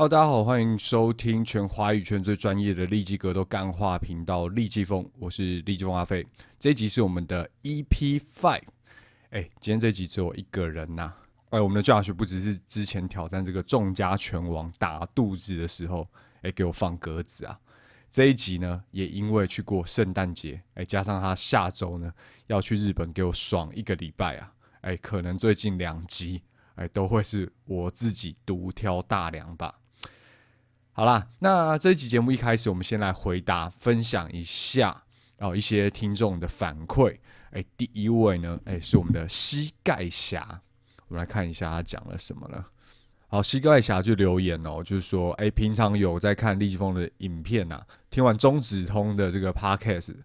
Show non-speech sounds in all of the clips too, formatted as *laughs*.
hello 大家好，歡迎收聽全華語圈最專業的立技格鬥幹話頻道立技瘋，我是立技瘋阿飛。這一集是我們的 EP five，哎，今天這一集只有我一個人吶、啊。哎、欸，我們的 Josh 不只是之前挑戰這個眾家拳王打肚子的時候，哎、欸，給我放鴿子啊。這一集呢，也因為去過聖誕節，哎、欸，加上他下周呢要去日本給我爽一個禮拜啊，哎、欸，可能最近兩集哎、欸、都會是我自己獨挑大梁吧。好啦，那這一集節目一開始，我們先來回答、分享一下哦一些聽眾的反饋、欸。第一位呢，欸、是我們的膝蓋俠，我們來看一下他講了什麼了。好，膝蓋俠就留言哦，就是說，哎、欸，平常有在看立技瘋的影片吶、啊，聽完中指通的這個 podcast。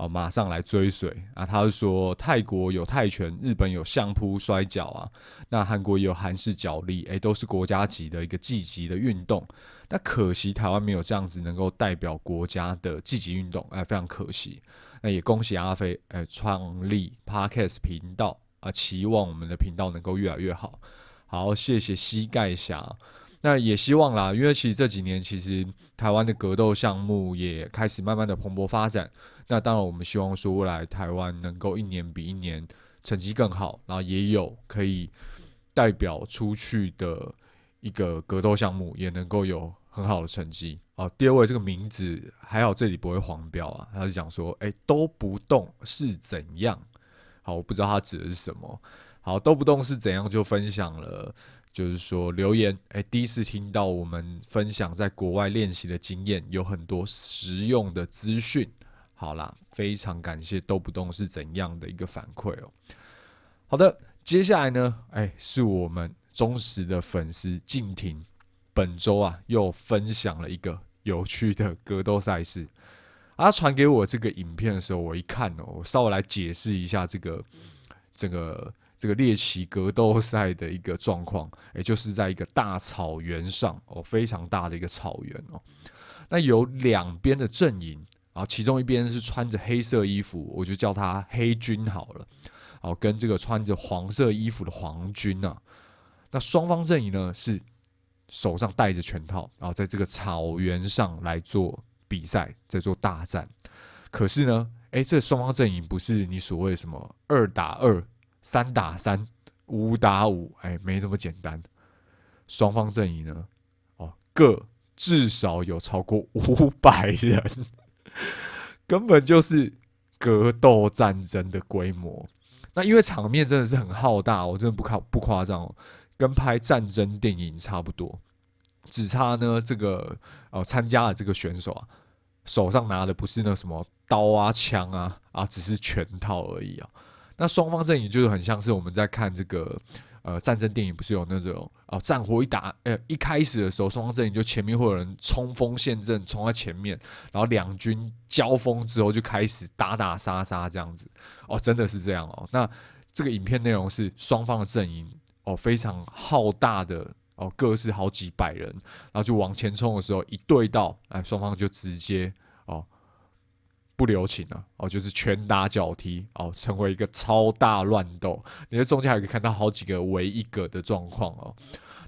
啊、哦，馬上來追隨啊！他就說，泰國有泰拳，日本有相撲摔跤啊，那韓國也有韓式角力，哎，都是國家級的一個積極的運動。那可惜台灣沒有這樣子能夠代表國家的積極運動，哎，非常可惜。那也恭喜阿飛，哎，創立 Podcast 頻道啊、呃，期望我們的頻道能夠越來越好。好，謝謝膝蓋俠。那也希望啦，因為其實這幾年其實台灣的格鬥項目也開始慢慢的蓬勃發展。那當然，我們希望說未來台灣能夠一年比一年成績更好，然後也有可以代表出去的一個格鬥項目，也能夠有很好的成績。好，第二位這個名字還好，這裡不會黃標啊。他是講說，誒，都不動是怎樣？好，我不知道他指的是什麼。好，都不動是怎樣？就分享了，就是說留言，誒，第一次聽到我們分享在國外練習的經驗，有很多實用的資訊。好啦，非常感謝抖內是怎樣的一個反饋哦。好的，接下來呢，哎、欸，是我們忠實的粉絲靜婷，本周啊又分享了一個有趣的格鬥賽事。他、啊、傳給我這個影片的時候，我一看哦、喔，我稍微來解釋一下這個，個這個這個獵奇格鬥賽的一個狀況，也、欸、就是在一個大草原上哦、喔，非常大的一個草原哦、喔，那有兩邊的陣營。啊，其中一邊是穿着黑色衣服，我就叫他黑軍好了。哦，跟這個穿着黃色衣服的黃軍啊，那雙方陣營呢是手上戴着拳套，然後在這個草原上來做比賽，在做大戰。可是呢，哎、欸，這雙方陣營不是你所謂什麼二打二、三打三、五打五，哎，沒這麼簡單。雙方陣營呢，哦，各至少有超過五百人。 *laughs* 根本就是格鬥戰爭的規模，那因為場面真的是很浩大，我真的不誇不誇張哦，跟拍戰爭電影差不多，只差呢這個哦，參加的這個選手啊，手上拿的不是那什麼刀啊槍啊啊只是拳套而已啊。那雙方陣營就是很像是我們在看這個。呃，戰爭電影不是有那種哦，戰火一打，呃，一開始的時候，雙方陣營就前面會有人衝鋒陷陣，衝在前面，然後兩軍交鋒之後就開始打打殺殺這樣子。哦，真的是這樣哦。那這個影片內容是雙方的陣營哦，非常浩大的哦，各是好幾百人，然後就往前衝的時候一對到，哎，雙方就直接。不留情了、啊、哦，就是拳打腳踢哦，成為一個超大亂鬥。你在中間還可以看到好幾個圍一個的狀況哦。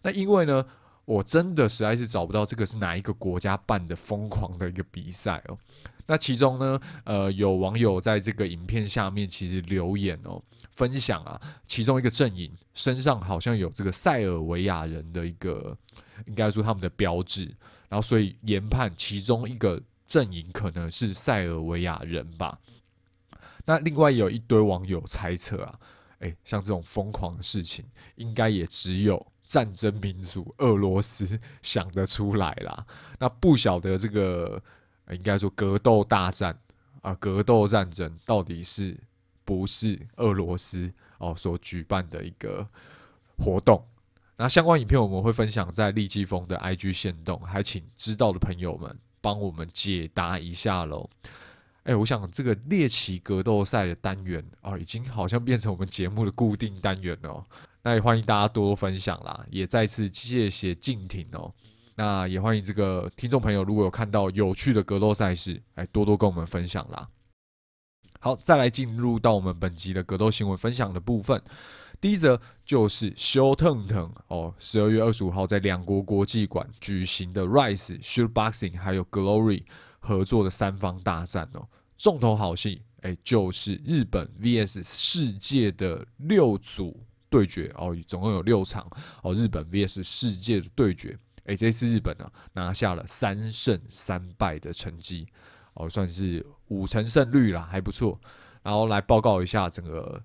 那因為呢，我真的實在是找不到這個是哪一個國家辦的瘋狂的一個比賽哦。那其中呢，呃，有網友在這個影片下面其實留言哦，分享啊，其中一個陣營身上好像有這個塞爾維亞人的一個，應該說他們的標誌，然後所以研判其中一個。陣營可能是塞爾維亞人吧。那另外有一堆網友猜測啊，哎，像這種瘋狂的事情，應該也只有戰爭民族俄羅斯想得出來啦。那不曉得這個、呃、應該說格鬥大戰啊、呃，格鬥戰爭到底是不是俄羅斯哦所舉辦的一個活動？那相關影片我們會分享在立技瘋的 IG 限動，還請知道的朋友們。幫我們解答一下嘍！哎，我想這個獵奇格鬥賽的單元，哦，已經好像變成我們節目的固定單元了哦。那也歡迎大家多多分享啦，也再次謝謝靜婷哦。那也歡迎這個聽眾朋友，如果有看到有趣的格鬥賽事，哎，多多跟我們分享啦。好，再來進入到我們本集的格鬥新聞分享的部分。第一則就是 Short 哦，十二月二十五號在兩國國際館舉行的 RISE Shoot Boxing 還有 Glory 合作的三方大戰哦，重頭好戲誒，就是日本 VS 世界的六組對決哦，總共有六場哦，日本 VS 世界的對決誒，這次日本呢拿下了三勝三敗的成績哦，算是五成勝率啦，還不錯。然後來報告一下整個。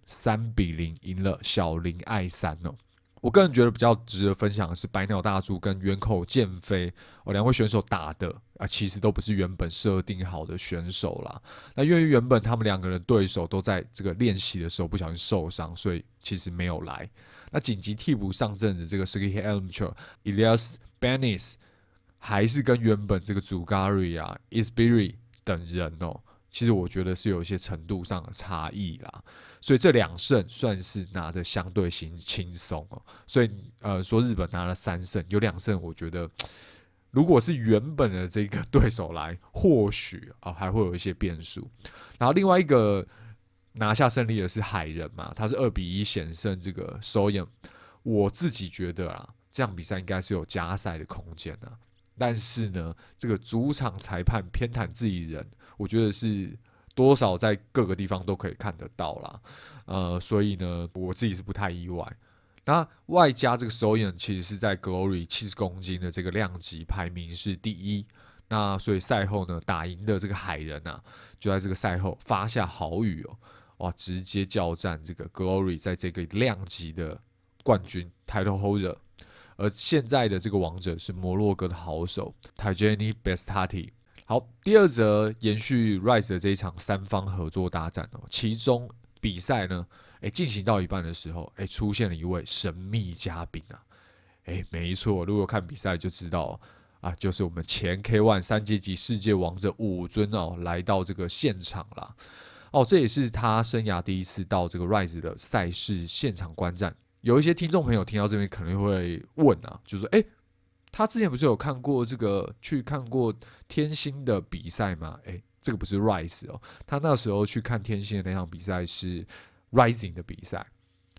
三比零贏了小林愛三哦。我個人覺得比較值得分享的是白鳥大珠跟原口健飛哦，兩位選手打的啊，其實都不是原本設定好的選手啦。那因為原本他們兩個人對手都在這個練習的時候不小心受傷，所以其實沒有來。那緊急替補上陣的這個 s k i h e Almuche、Elias Benis 還是跟原本這個祖 Gary 啊、Isbiri 等人哦。其實我覺得是有一些程度上的差異啦，所以這兩勝算是拿的相對性輕鬆哦。所以呃，說日本拿了三勝，有兩勝，我覺得如果是原本的這個對手來，或許啊還會有一些變數。然後另外一個拿下勝利的是海人嘛，他是二比一險勝這個 Soyeon。我自己覺得啊，這樣比賽應該是有加賽的空間呢。但是呢，這個主場裁判偏袒自己人。我覺得是多少在各個地方都可以看得到啦。呃，所以呢，我自己是不太意外。那外加這個 Soyan 其實是在 Glory 七十公斤的這個量級排名是第一，那所以賽後呢，打贏的這個海人吶、啊，就在這個賽後發下豪語哦，哇，直接叫戰這個 Glory 在這個量級的冠軍 Title Holder，而現在的這個王者是摩洛哥的好手 Tajani Bestati。好，第二則延續 Rise 的這一場三方合作大戰哦，其中比賽呢，誒，進行到一半的時候，誒，出現了一位神秘嘉賓啊，誒，沒錯，如果看比賽就知道啊，就是我們前 K ONE 三階級世界王者武尊哦，來到這個現場啦。哦，這也是他生涯第一次到這個 Rise 的賽事現場觀戰，有一些聽眾朋友聽到這邊可能會問啊，就說、是、誒。他之前不是有看過這個，去看過天星的比賽嗎？誒，這個不是 Rise 哦，他那時候去看天星的那場比賽是 Rising 的比賽，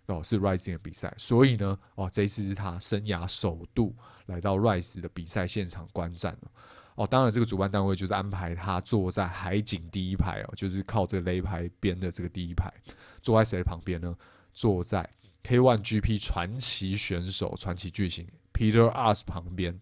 哦，是 Rising 的比賽，所以呢，哦，這一次是他生涯首度來到 Rise 的比賽現場觀戰哦，當然這個主辦單位就是安排他坐在海景第一排哦，就是靠這個擂台邊的這個第一排，坐在誰的旁邊呢？坐在 K One GP 傳奇選手、傳奇巨星。Peter Aerts 旁邊，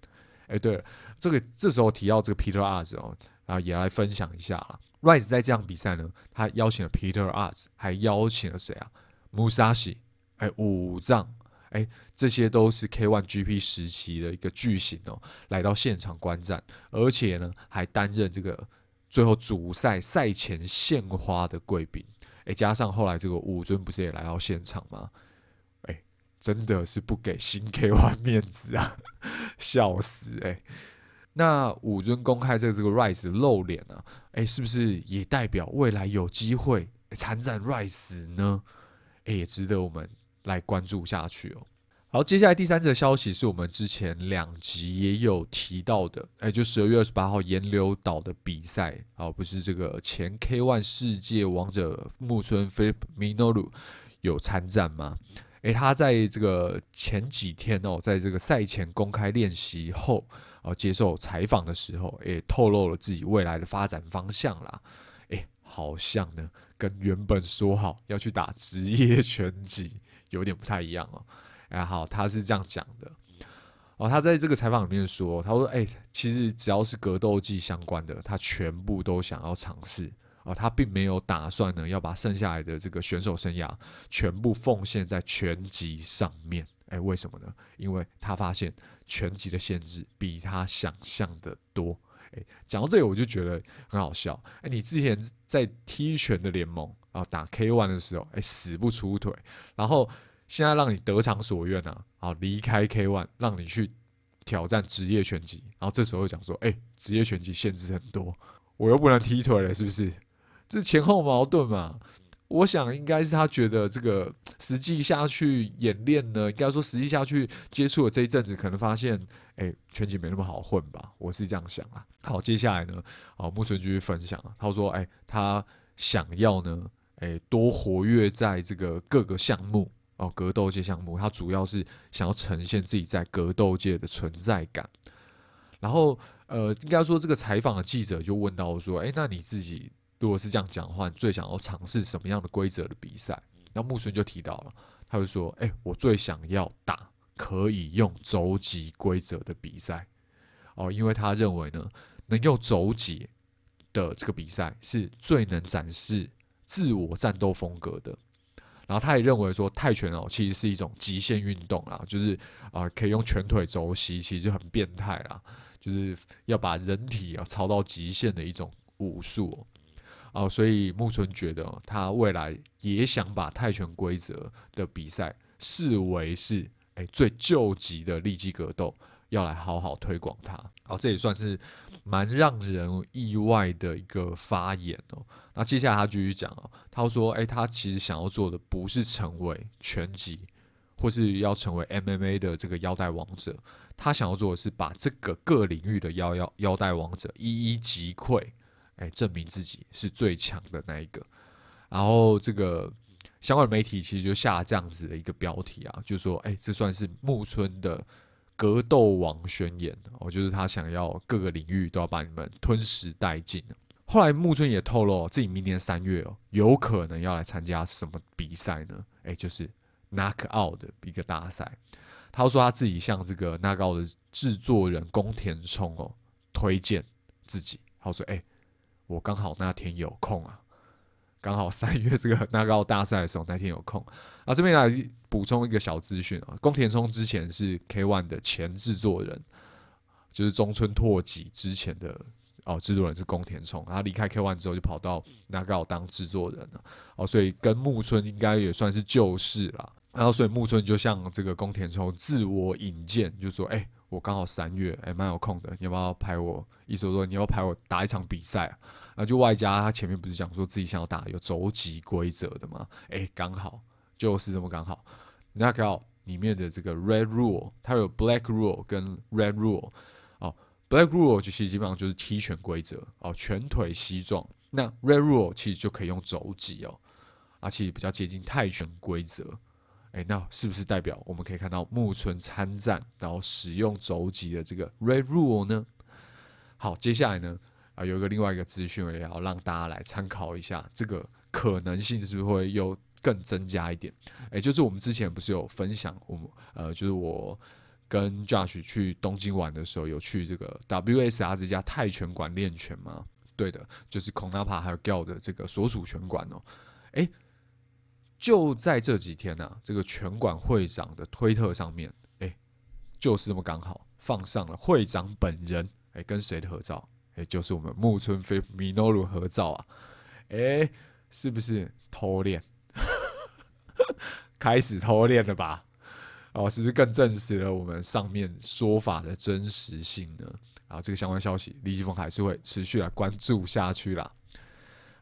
哎，對了，這個這時候提到這個 Peter Aerts 哦，然後也來分享一下了。Rise 在這場比賽呢，他邀請了 Peter Aerts，還邀請了誰啊？Musashi，哎，武藏，哎，這些都是 K-1 GP 時期的一個巨星哦，來到現場觀戰，而且呢，還擔任這個最後主賽賽前獻花的貴賓。哎，加上後來這個武尊不是也來到現場嗎？真的是不給新 K ONE 面子啊！笑死哎、欸！那武尊公開在這個,個 Rise 露臉了、啊，哎、欸，是不是也代表未來有機會參戰 Rise 呢？哎、欸，也值得我們來關注下去哦、喔。好，接下來第三則消息是我們之前兩集也有提到的，哎、欸，就十二月二十八號岩流島的比賽好，不是這個前 K ONE 世界王者木村 Philip Minoru 有參戰嗎？欸，他在這個前幾天哦，在這個賽前公開練習後，哦，接受採訪的時候，也透露了自己未來的發展方向啦。欸，好像呢，跟原本說好要去打職業拳擊有點不太一樣哦。然後他是這樣講的，哦，他在這個採訪裡面說，他說，欸，其實只要是格鬥技相關的，他全部都想要嘗試。啊，他並沒有打算呢，要把剩下來的這個選手生涯全部奉獻在拳擊上面。哎、欸，為什麼呢？因為他發現拳擊的限制比他想象的多。哎、欸，講到這裡我就覺得很好笑。哎、欸，你之前在踢拳的聯盟啊打 K-1 的時候，哎、欸、死不出腿，然後現在讓你得償所願呢、啊，啊離開 K-1，讓你去挑戰職業拳擊，然後這時候講說，哎、欸，職業拳擊限制很多，我又不能踢腿了，是不是？這前後矛盾嘛？我想應該是他覺得這個實際下去演練呢，應該說實際下去接觸了這一陣子，可能發現哎，拳擊沒那麼好混吧？我是這樣想啊。好，接下來呢，好，木村繼續分享，他說：“哎，他想要呢，哎，多活躍在這個各個項目哦，格鬥界項目。他主要是想要呈現自己在格鬥界的存在感。然後，呃，應該說這個采訪的記者就問到說，哎，那你自己？”如果是這樣講的話，你最想要嘗試什麼樣的規則的比賽？那木村就提到了，他就說：“哎、欸，我最想要打可以用肘擊規則的比賽哦，因為他認為呢，能用肘擊的這個比賽是最能展示自我戰鬥風格的。然後他也認為說，泰拳哦，其實是一種極限運動啦，就是啊，可以用拳腿肘膝，其實就很變態啦，就是要把人體啊超到極限的一種武術。”哦，所以木村覺得他未來也想把泰拳規則的比賽視為是哎、欸、最究極的立技格鬥，要來好好推廣它。哦，這也算是蠻讓人意外的一個發言哦。那接下來他繼續講哦，他說哎、欸，他其實想要做的不是成為拳擊或是要成為 MMA 的這個腰帶王者，他想要做的是把這個各領域的腰腰腰帶王者一一擊潰。證明自己是最強的那一個，然後這個相關媒體其實就下這樣子的一個標題啊，就說哎，這算是木村的格鬥王宣言哦，就是他想要各個領域都要把你們吞噬殆盡。後來木村也透露、哦、自己明年三月哦，有可能要來參加什麽比賽呢？哎，就是 Knock Out 的一個大賽。他說他自己向這個 Knock Out 的制作人宮田充哦推薦自己，他說哎。誒我剛好那天有空啊，剛好三月這個那個大賽的時候，那天有空啊。啊，這邊來補充一個小資訊啊，宮田充之前是 K ONE 的前制作人，就是中村拓己之前的哦，制作人是宮田充。他離開 K ONE 之後就跑到那個當制作人了。哦，所以跟木村應該也算是舊識了。然、啊、後，所以木村就向這個宮田充自我引薦，就說：“哎、欸，我剛好三月，哎、欸，蠻有空的，你要不要拍我？意思說你要不要拍我打一場比賽、啊。”那就外加他前面不是講說自己想要打有肘擊規則的嗎？誒，剛好就是這麼剛好。那剛好裡面的這個 Red Rule，它有 Black Rule 跟 Red Rule 哦，Black Rule 就其實基本上就是踢拳規則哦，拳腿膝撞。那 Red Rule 其實就可以用肘擊哦，而、啊、且比較接近泰拳規則。誒，那是不是代表我們可以看到木村參戰，然後使用肘擊的這個 Red Rule 呢？好，接下來呢？啊、有一個另外一個資訊，也要讓大家來參考一下，這個可能性是不是會又更增加一點？誒、欸，就是我們之前不是有分享，我們呃，就是我跟 Josh 去東京玩的時候，有去這個 WSR 這家泰拳館練拳嗎？對的，就是孔納帕還有 Gel 的這個所屬拳館哦、喔。誒、欸，就在這幾天呢、啊，這個拳館會長的推特上面，誒、欸，就是這麼剛好放上了會長本人，誒、欸，跟誰的合照？欸、就是我們木村飛米諾魯合照啊，哎、欸，是不是偷練？ *laughs* 開始偷練了吧？哦，是不是更證實了我們上面說法的真實性呢？啊，這個相關消息，立技瘋還是會持續來關注下去啦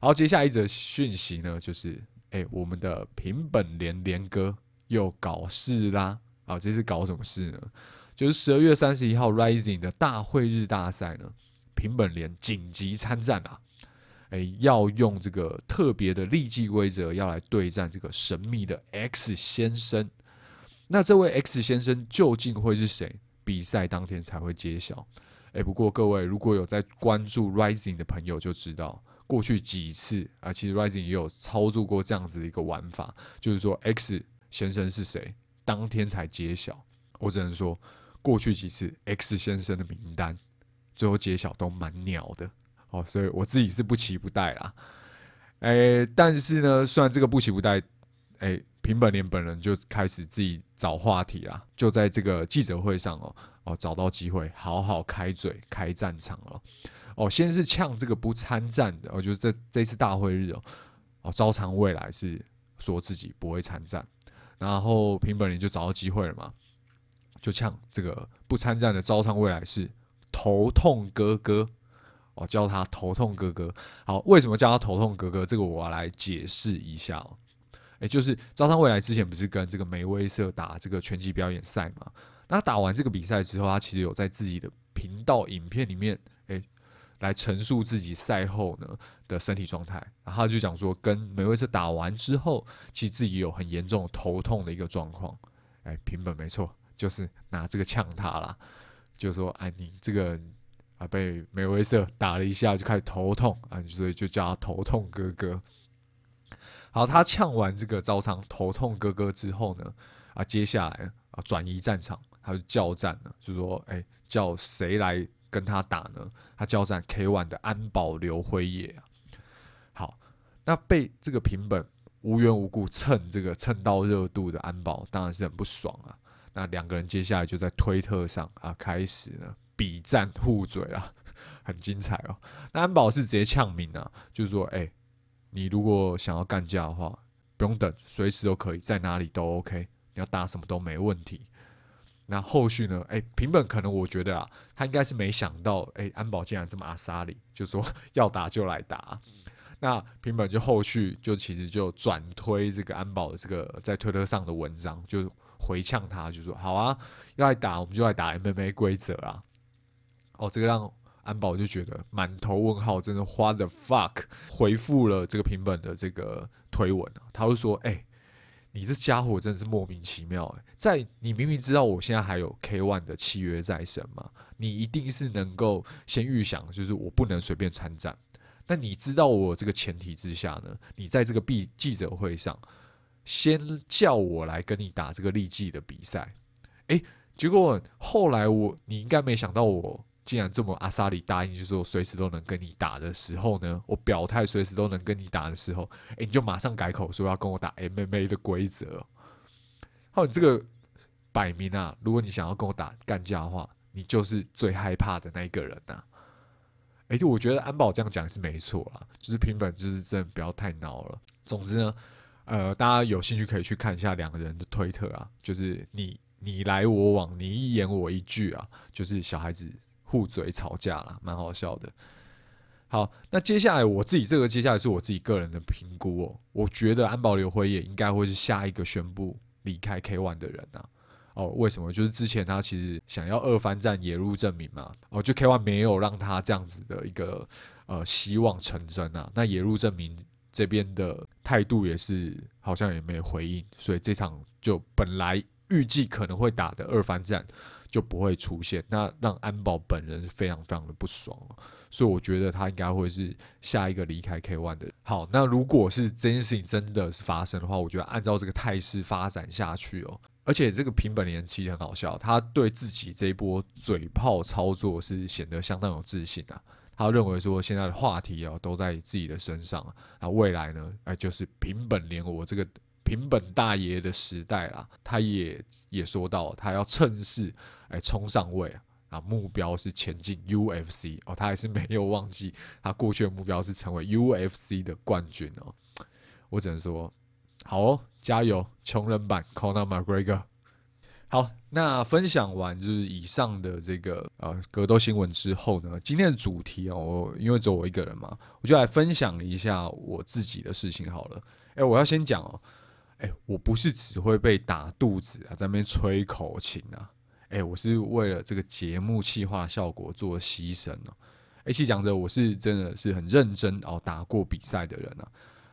好，啊，接下一則訊息呢，就是哎、欸，我們的平本蓮蓮哥又搞事啦！啊，這次搞什麼事呢？就是十二月三十一號 RIZIN 的大晦日大賽呢。平本蓮緊急參戰啊！誒、欸，要用這個特別的立技規則，要來對戰這個神秘的 X 先生。那這位 X 先生究竟會是誰？比賽當天才會揭曉。誒、欸，不過各位如果有在關注 Rising 的朋友，就知道過去幾次啊，其實 Rising 也有操作過這樣子的一個玩法，就是說 X 先生是誰，當天才揭曉。我只能說，過去幾次 X 先生的名單最後揭曉都蠻鳥的，哦，所以我自己是不期不待啦，誒、欸，但是呢，雖然這個不期不待，誒、欸，平本蓮本人就開始自己找話題啦，就在這個記者會上哦哦，找到機會好好開嘴開戰場哦。哦，先是嗆這個不參戰的，哦，就是這這次大會日哦哦，朝倉未來是說自己不會參戰，然後平本蓮就找到機會了嘛，就嗆這個不參戰的朝倉未來是。頭痛哥哥，我、哦、叫他頭痛哥哥。好，為什麼叫他頭痛哥哥？這個我來解釋一下哦。欸、就是朝倉未來之前不是跟這個梅威瑟打這個拳擊表演賽嘛？那他打完這個比賽之後，他其實有在自己的頻道影片裡面，誒、欸、來陳述自己賽後呢的身體狀態。然後他就講說，跟梅威瑟打完之後，其實自己有很嚴重的頭痛的一個狀況。誒、欸，平本沒錯，就是拿這個嗆他啦。就說安、哎，你這個人啊，被梅威瑟打了一下，就開始頭痛啊、哎，所以就叫他頭痛哥哥。好，他嗆完這個招商頭痛哥哥之後呢，啊，接下來啊轉移戰場，他就叫戰了，就說哎，叫誰來跟他打呢？他叫戰 K ONE 的安保瑠輝也、啊。好，那被這個平本無緣無故蹭這個蹭到熱度的安保當然是很不爽啊。那兩個人接下來就在推特上啊，開始呢筆戰互嘴啊，很精彩哦。那安保是直接嗆明啊，就說：“哎、欸，你如果想要幹架的話，不用等，隨時都可以，在哪裡都 OK，你要打什麼都沒問題。”那後續呢？哎、欸，平本可能我覺得啊，他應該是沒想到，哎、欸，安保竟然這麼阿莎裡，就說要打就來打、啊。那平本就後續就其實就轉推這個安保的這個在推特上的文章，就。回嗆他就說：“好啊，要來打我們就來打 MMA 規則啊！”哦，這個讓安保就覺得滿頭問號，真的 what the fuck 回復了這個平本的這個推文，他會說：“哎、欸，你這傢伙真的是莫名其妙、欸！在你明明知道我現在還有 K-1 的契約在身嘛，你一定是能夠先預想，就是我不能隨便參戰。那你知道我這個前提之下呢，你在這個閉記者會上？”先叫我來跟你打這個立技的比賽，誒，結果後來我你應該沒想到我竟然這麼阿薩里答應，就是我隨時都能跟你打的時候呢，我表態隨時都能跟你打的時候，誒，你就馬上改口說要跟我打 MMA 的規則。好，你這個擺明啊，如果你想要跟我打幹架的話，你就是最害怕的那一個人吶。誒，就我覺得安保這樣講是沒錯啦，就是平本就是真的不要太惱了。總之呢。呃，大家有興趣可以去看一下兩個人的推特啊，就是你你來我往，你一言我一句啊，就是小孩子互嘴吵架了，蠻好笑的。好，那接下來我自己這個接下來是我自己個人的評估哦，我覺得安保瑠輝也應該會是下一個宣布離開 K ONE 的人吶、啊。哦，為什麼？就是之前他其實想要二番戰野杁正明嘛，哦，就 K ONE 沒有讓他這樣子的一個呃希望成真啊。那野杁正明這邊的。態度也是，好像也沒有回應，所以這場就本來預計可能會打的二番戰就不會出現，那讓安保本人非常非常的不爽，所以我覺得他應該會是下一個離開 K ONE 的人。好，那如果是這件事情真的是發生的話，我覺得按照這個態勢發展下去哦，而且這個平本蓮很好笑，他對自己這一波嘴炮操作是顯得相當有自信啊。他認為說現在的話題哦、啊、都在自己的身上，那、啊、未來呢？哎，就是平本蓮我這個平本大爺的時代啦，他也也說到他要趁勢哎衝上位啊，啊！目標是前進 UFC 哦，他還是沒有忘記他過去的目標是成為 UFC 的冠軍哦。我只能說，好、哦、加油，窮人版 Conor McGregor。好，那分享完就是以上的這個呃格鬥新聞之後呢，今天的主題哦，我因為只有我一個人嘛，我就來分享一下我自己的事情好了。哎、欸，我要先講哦，哎、欸，我不是只會被打肚子啊，在那邊吹口琴啊，哎、欸，我是為了這個節目企劃效果做犧牲哦、啊。其實講着，我是真的是很認真哦，打過比賽的人呢、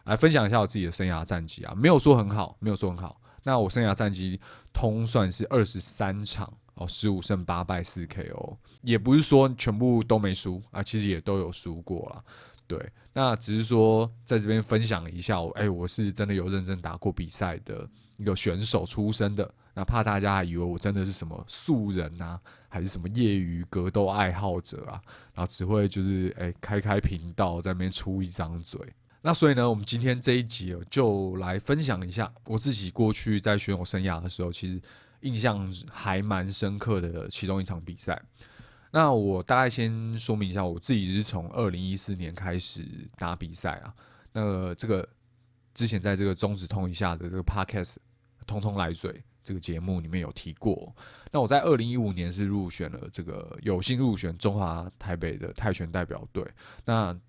啊，來分享一下我自己的生涯戰績啊，沒有說很好，沒有說很好。那我生涯戰績通算是二十三場哦，十五勝八敗四 KO、喔、也不是說全部都沒輸啊，其實也都有輸過啦。對，那只是說在這邊分享一下，我，哎、欸，我是真的有認真打過比賽的，一個選手出身的，哪怕大家還以為我真的是什麼素人吶、啊，還是什麼業餘格鬥愛好者啊，然後只會就是哎、欸、開開頻道在那邊出一張嘴。那所以呢，我們今天這一集就來分享一下我自己過去在選手生涯的時候，其實印象還蠻深刻的其中一場比賽。那我大概先說明一下，我自己是從二零一四年開始打比賽啊。那個這個之前在這個“中指通一下”的這個 Podcast“ 通通來嘴”這個節目裡面有提過，哦。那我在二零一五年是入選了這個有幸入選中華台北的泰拳代表隊。那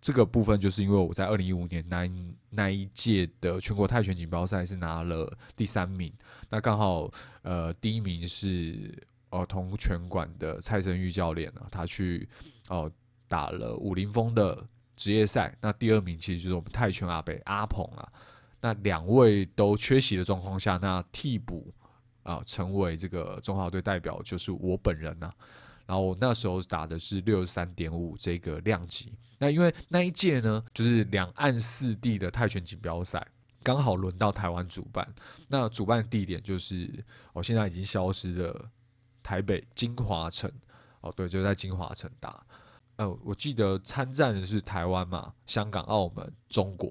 這個部分就是因為我在二零一五年那一那一屆的全國泰拳錦標賽是拿了第三名，那剛好呃第一名是兒童、呃、拳館的蔡振玉教練啊，他去哦、呃、打了武林風的職業賽，那第二名其實就是我們泰拳阿北阿鵬啊，那兩位都缺席的狀況下，那替補啊、呃、成為這個中華隊代表就是我本人吶、啊，然後我那時候打的是六十三點五這個量級。那因為那一屆呢，就是兩岸四地的泰拳錦標賽，剛好輪到台灣主辦。那主辦地點就是，我、哦、現在已經消失了，台北京華城。哦，對，就在京華城打、呃。我記得參戰的是台灣嘛，香港、澳門、中國，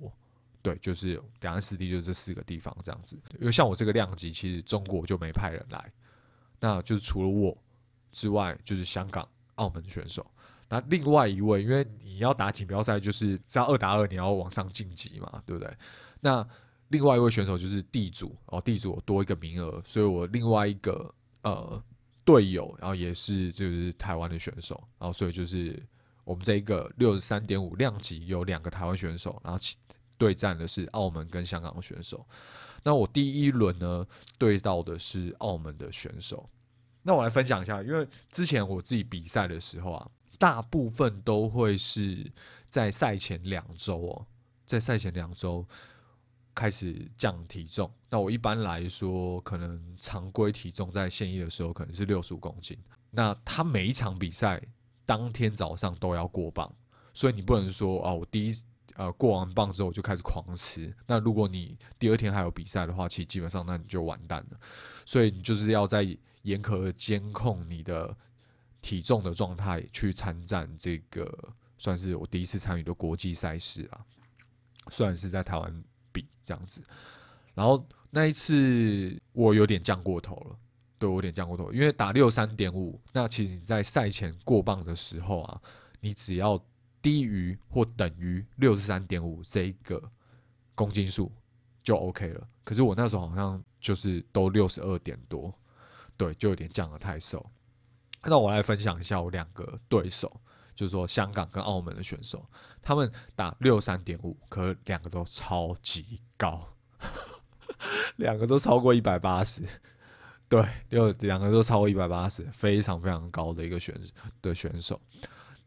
對，就是兩岸四地，就這四個地方這樣子。因為像我這個量級，其實中國就沒派人來，那就是除了我之外，就是香港、澳門選手。那另外一位，因為你要打錦標賽，就是只要二打二，你要往上晉級嘛，對不對？那另外一位選手就是地主哦，地主我多一個名額，所以我另外一個呃隊友，然後也是就是台灣的選手，然後所以就是我們這一個六十三點五量級有兩個台灣選手，然後其對戰的是澳門跟香港的選手。那我第一輪呢對到的是澳門的選手，那我來分享一下，因為之前我自己比賽的時候啊。大部分都會是在賽前兩周哦，在賽前兩周開始降體重。那我一般來說，可能常規體重在現役的時候可能是六十五公斤。那他每一場比賽當天早上都要過磅，所以你不能說啊，我第一呃過完磅之後我就開始狂吃。那如果你第二天還有比賽的話，其實基本上那你就完蛋了。所以你就是要在嚴格監控你的。體重的狀態去參戰這個算是我第一次參與的國際賽事了，算是在台灣比這樣子。然後那一次我有點降過頭了，對我有點降過頭，因為打六三點五，那其實你在賽前過磅的時候啊，你只要低於或等於六十三點五這一個公斤數就 OK 了。可是我那時候好像就是都六十二點多，對，就有點降得太瘦。那我來分享一下我兩個對手，就是說香港跟澳門的選手，他們打六三點五，可兩個都超級高，兩個都超過一百八十，對，六，兩個都超過一百八十，非常非常高的一個選手的選手。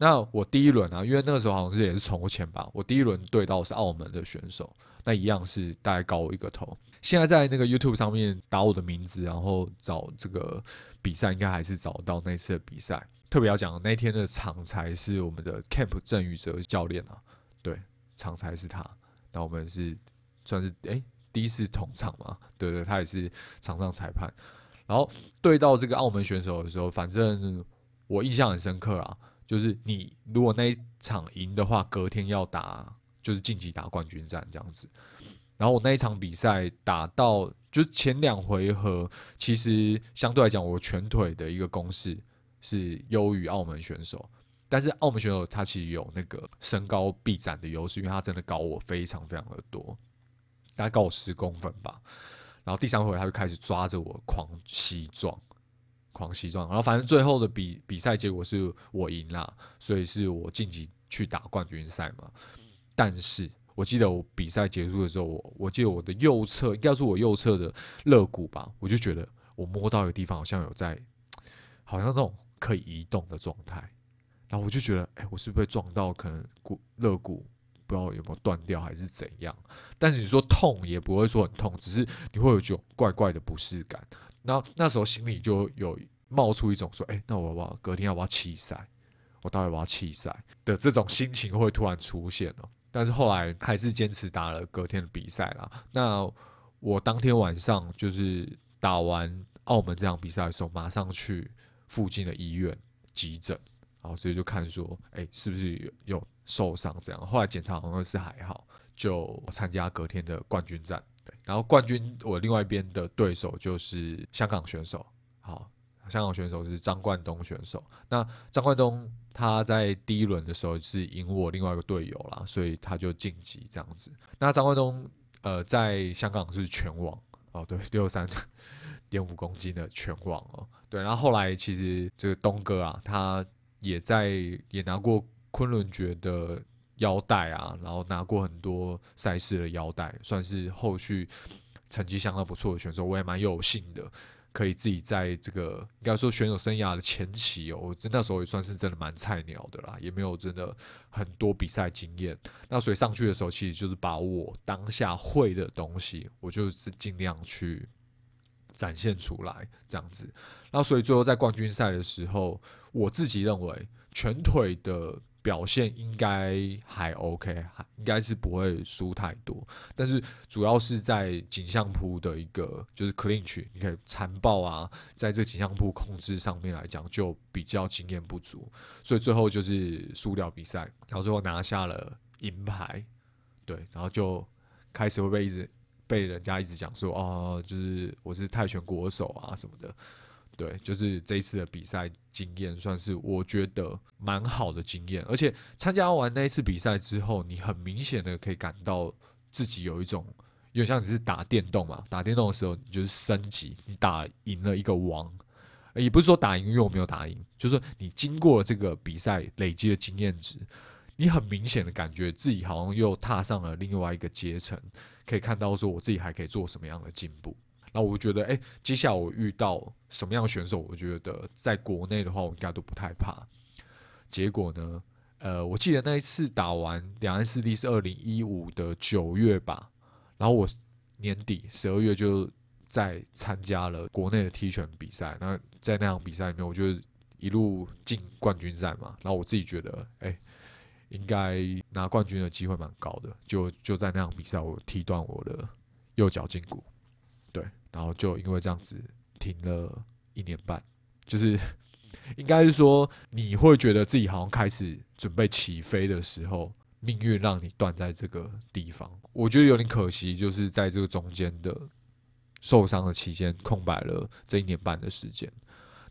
那我第一輪啊，因為那個時候好像是也是從前吧。我第一輪對到是澳門的選手，那一樣是大概高我一個頭。現在在那個 YouTube 上面打我的名字，然後找這個比賽，應該還是找到那次的比賽。特別要講，那天的場裁是我們的 Camp 鄭宇哲教練啊，對，場裁是他。那我們是算是誒、欸、第一次同場嘛？對，對對，他也是場上裁判。然後對到這個澳門選手的時候，反正我印象很深刻啊。就是你如果那一場贏的話，隔天要打就是晉級打冠軍戰這樣子。然後我那一場比賽打到就前兩回合，其實相對來講我拳腿的一個攻勢是優於澳門選手。但是澳門選手他其實有那個身高臂展的優勢，因為他真的高我非常非常的多，大概高我十公分吧。然後第三回合他就開始抓着我狂膝撞。狂喜狀，然後，反正最後的比比賽結果是我贏了，所以是我晉級去打冠軍賽嘛。但是我記得我比賽結束的時候，我我記得我的右側，應該是我右側的肋骨吧，我就覺得我摸到一個地方好像有在，好像那種可以移動的狀態。然後我就覺得，哎、欸，我是不是被撞到可能骨肋骨，不知道有沒有斷掉還是怎樣？但是你說痛也不會說很痛，只是你會有一種怪怪的不適感。那那時候心裡就有冒出一種說：“欸，那我要不要隔天要不要棄賽？我到底要不要棄賽？”的這種心情會突然出現了。但是後來還是堅持打了隔天的比賽啦。那我當天晚上就是打完澳門這場比賽的時候，馬上去附近的醫院急診，然後所以就看說：“欸，是不是有，有受傷？”這樣，後來檢查好像是還好，就參加隔天的冠軍戰。然後冠軍，我另外一邊的對手就是香港選手，好，香港選手是張冠東選手。那張冠東他在第一輪的時候是贏我另外一個隊友啦，所以他就晉級這樣子。那張冠東呃，在香港是拳王哦，對，六十三點五公斤的拳王哦，對。然後後來其實這個東哥啊，他也在也拿過崑崙決的。腰帶啊，然後拿過很多賽事的腰帶，算是後續成績相當不錯的選手。我也蠻有幸的，可以自己在這個應該說，選手生涯的前期哦，我真那時候也算是真的蠻菜鳥的啦，也沒有真的很多比賽經驗。那所以上去的時候，其實就是把我當下會的東西，我就是盡量去展現出來，這樣子。那所以最後在冠軍賽的時候，我自己認為全腿的，表現應該還 OK，還應該是不會輸太多，但是主要是在景象鋪的一個就是 clinch，你看殘暴啊，在這景象鋪控制上面來講就比較經驗不足，所以最後就是輸掉比賽，然後最後拿下了銀牌，對，然後就開始會被一直被人家一直講說哦，就是我是泰拳國手啊什麼的。對，就是這一次的比賽經驗，算是我覺得蠻好的經驗。而且參加完那一次比賽之後，你很明顯的可以感到自己有一種，有點像你是打電動嘛，打電動的時候你就是升級，你打贏了一個王，也不是說打贏，因為我沒有打贏，就是說你經過了這個比賽累積的經驗值，你很明顯的感覺自己好像又踏上了另外一個階層，可以看到說我自己還可以做什麼樣的進步。然後我覺得，哎、欸，接下來我遇到什麼樣的選手，我覺得在國內的話，我應該都不太怕。結果呢，呃，我記得那一次打完兩岸四地是二零一五的九月吧，然後我年底十二月就在參加了國內的踢拳比賽。那在那場比賽裡面，我就一路進冠軍賽嘛。然後我自己覺得，哎、欸，應該拿冠軍的機會蠻高的。就就在那場比賽，我踢斷我的右腳脛骨，對。然後就因為這樣子停了一年半，就是應該是說，你會覺得自己好像開始準備起飛的時候，命運讓你斷在這個地方，我覺得有點可惜，就是在這個中間的受傷的期間空白了這一年半的時間。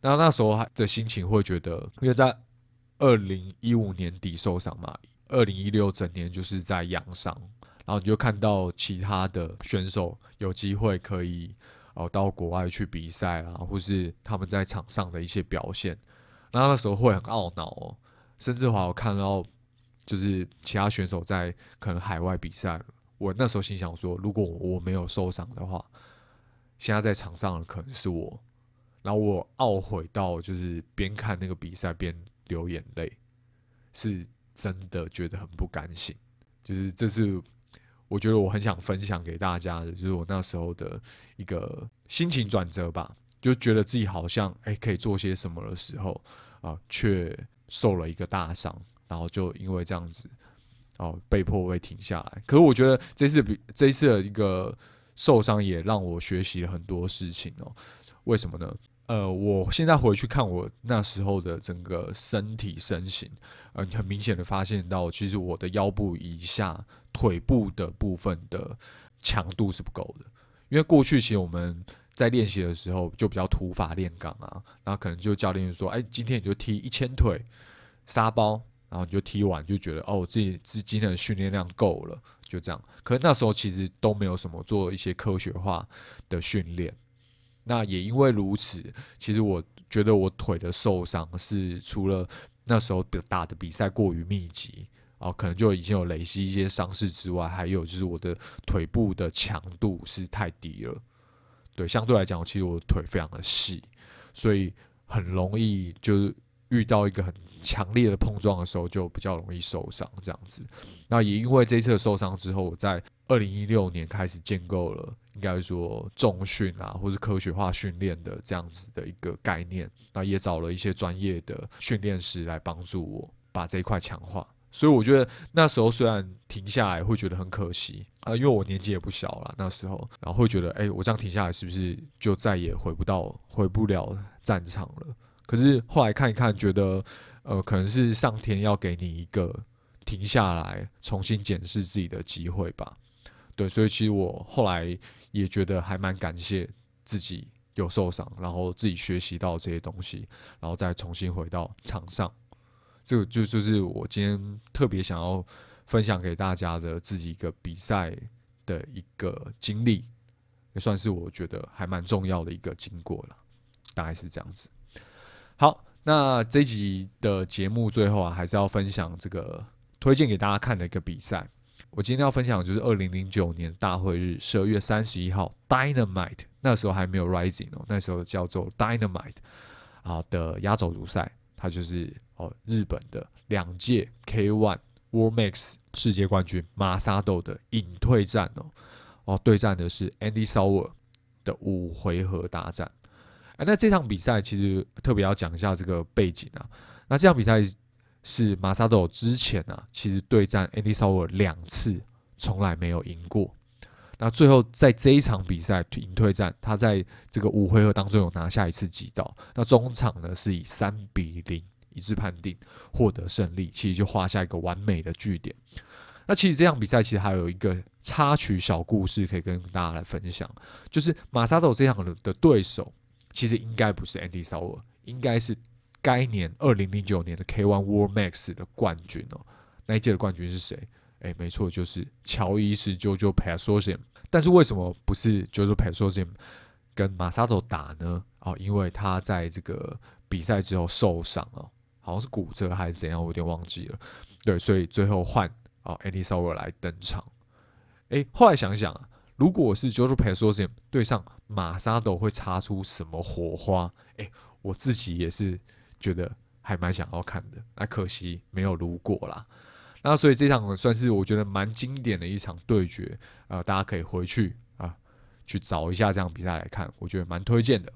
那那時候還的心情會覺得，因為在二零一五年底受傷嘛，二零一六整年就是在養傷。然後你就看到其他的選手有機會可以哦、呃、到國外去比賽啊，或是他們在場上的一些表現。那那時候會很懊惱哦，甚至話我看到就是其他選手在可能海外比賽，我那時候心想說，如果我，我沒有受傷的話，現在在場上的可能是我。然後我懊悔到就是邊看那個比賽邊流眼淚，是真的覺得很不甘心，就是這次。我覺得我很想分享給大家的，就是我那時候的一個心情轉折吧，就覺得自己好像誒、欸、可以做些什麼的時候啊，卻、呃、受了一個大傷，然後就因為這樣子哦、呃、被迫會停下來。可是我覺得這次比這一次的一個受傷也讓我學習了很多事情哦、喔。為什麼呢？呃，我現在回去看我那時候的整個身體身形，呃，很明顯的發現到，其實我的腰部以下。腿部的部分的強度是不夠的，因為過去其實我們在練習的時候就比較土法練鋼啊，然後可能就教練就說：“哎，今天你就踢一千腿沙包，然後你就踢完就覺得哦，自己今天的訓練量夠了，就這樣。”可是那時候其實都沒有什麼做一些科學化的訓練。那也因為如此，其實我覺得我腿的受傷是除了那時候打的比賽過於密集。哦，可能就已經有累積一些傷勢之外，還有就是我的腿部的強度是太低了。對，相對來講，其實我腿非常的細，所以很容易就是遇到一個很強烈的碰撞的時候，就比較容易受傷這樣子。那也因為這一次受傷之後，我在二零一六年開始建構了，應該說重訓啊，或是科學化訓練的這樣子的一個概念。那也找了一些專業的訓練師來幫助我把這一塊強化。所以我覺得那時候雖然停下來會覺得很可惜啊、呃，因為我年紀也不小了那時候，然後會覺得，哎，我這樣停下來是不是就再也回不到、回不了戰場了？可是後來看一看，覺得，呃，可能是上天要給你一個停下來重新檢視自己的機會吧。對，所以其實我後來也覺得還蠻感謝自己有受傷，然後自己學習到這些東西，然後再重新回到場上。這個就就，就是我今天特別想要分享給大家的自己一個比賽的一個經歷，也算是我覺得還蠻重要的一個經過了，大概是這樣子。好，那這一集的節目最後啊，還是要分享這個推薦給大家看的一個比賽。我今天要分享的就是二零零九年大晦日十二月三十一號，Dynamite 那時候還沒有 RIZIN 哦、喔，那時候叫做 Dynamite 啊的壓軸主賽。他就是哦，日本的兩屆 K-1 World Max 世界冠軍魔裟斗的隱退戰哦，哦對戰的是 Andy Souwer 的五回合大戰。哎,那這場比賽其實特別要講一下這個背景啊。那這場比賽是魔裟斗之前呢、啊，其實對戰 Andy Souwer 兩次，從來沒有贏過。那最後在這一場比賽引退戰，他在這個五回合當中有拿下一次擊倒。那中場呢是以三比零一致判定獲得勝利，其實就畫下一個完美的句點。那其實這場比賽其實還有一個插曲小故事可以跟大家來分享，就是魔裟斗這場的對手其實應該不是 Andy Souwer，應該是該年二零零九年的 K1 World Max 的冠軍哦。那一屆的冠軍是誰？誒，沒錯，就是喬伊斯·啾啾 Petrosyan 但是為什麼不是 Giorgio Petrosyan 跟魔裟斗打呢？哦，因為他在這個比賽之後受傷了，好像是骨折還是怎樣，我有點忘記了。對，所以最後換哦 Andy Souwer 來登場。誒、欸，後來想想啊，如果是 Giorgio Petrosyan 對上魔裟斗會擦出什麼火花？誒、欸，我自己也是覺得還蠻想要看的。那可惜沒有如果啦。那所以這場算是我覺得蠻經典的一場對決啊、呃，大家可以回去啊去找一下這場比賽來看，我覺得蠻推薦的。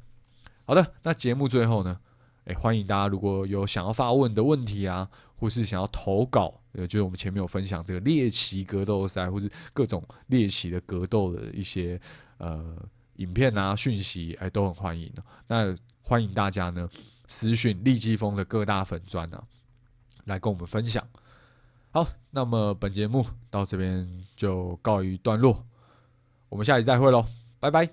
好的，那節目最後呢，誒、欸，歡迎大家如果有想要發問的問題啊，或是想要投稿，呃，就是我們前面有分享這個獵奇格鬥賽，或是各種獵奇的格鬥的一些呃影片啊、訊息，誒、欸，都很歡迎的、喔。那歡迎大家呢私訊立技瘋的各大粉專啊，來跟我們分享。好，那麼本節目到這邊就告一段落，我們下期再會嘍，拜拜。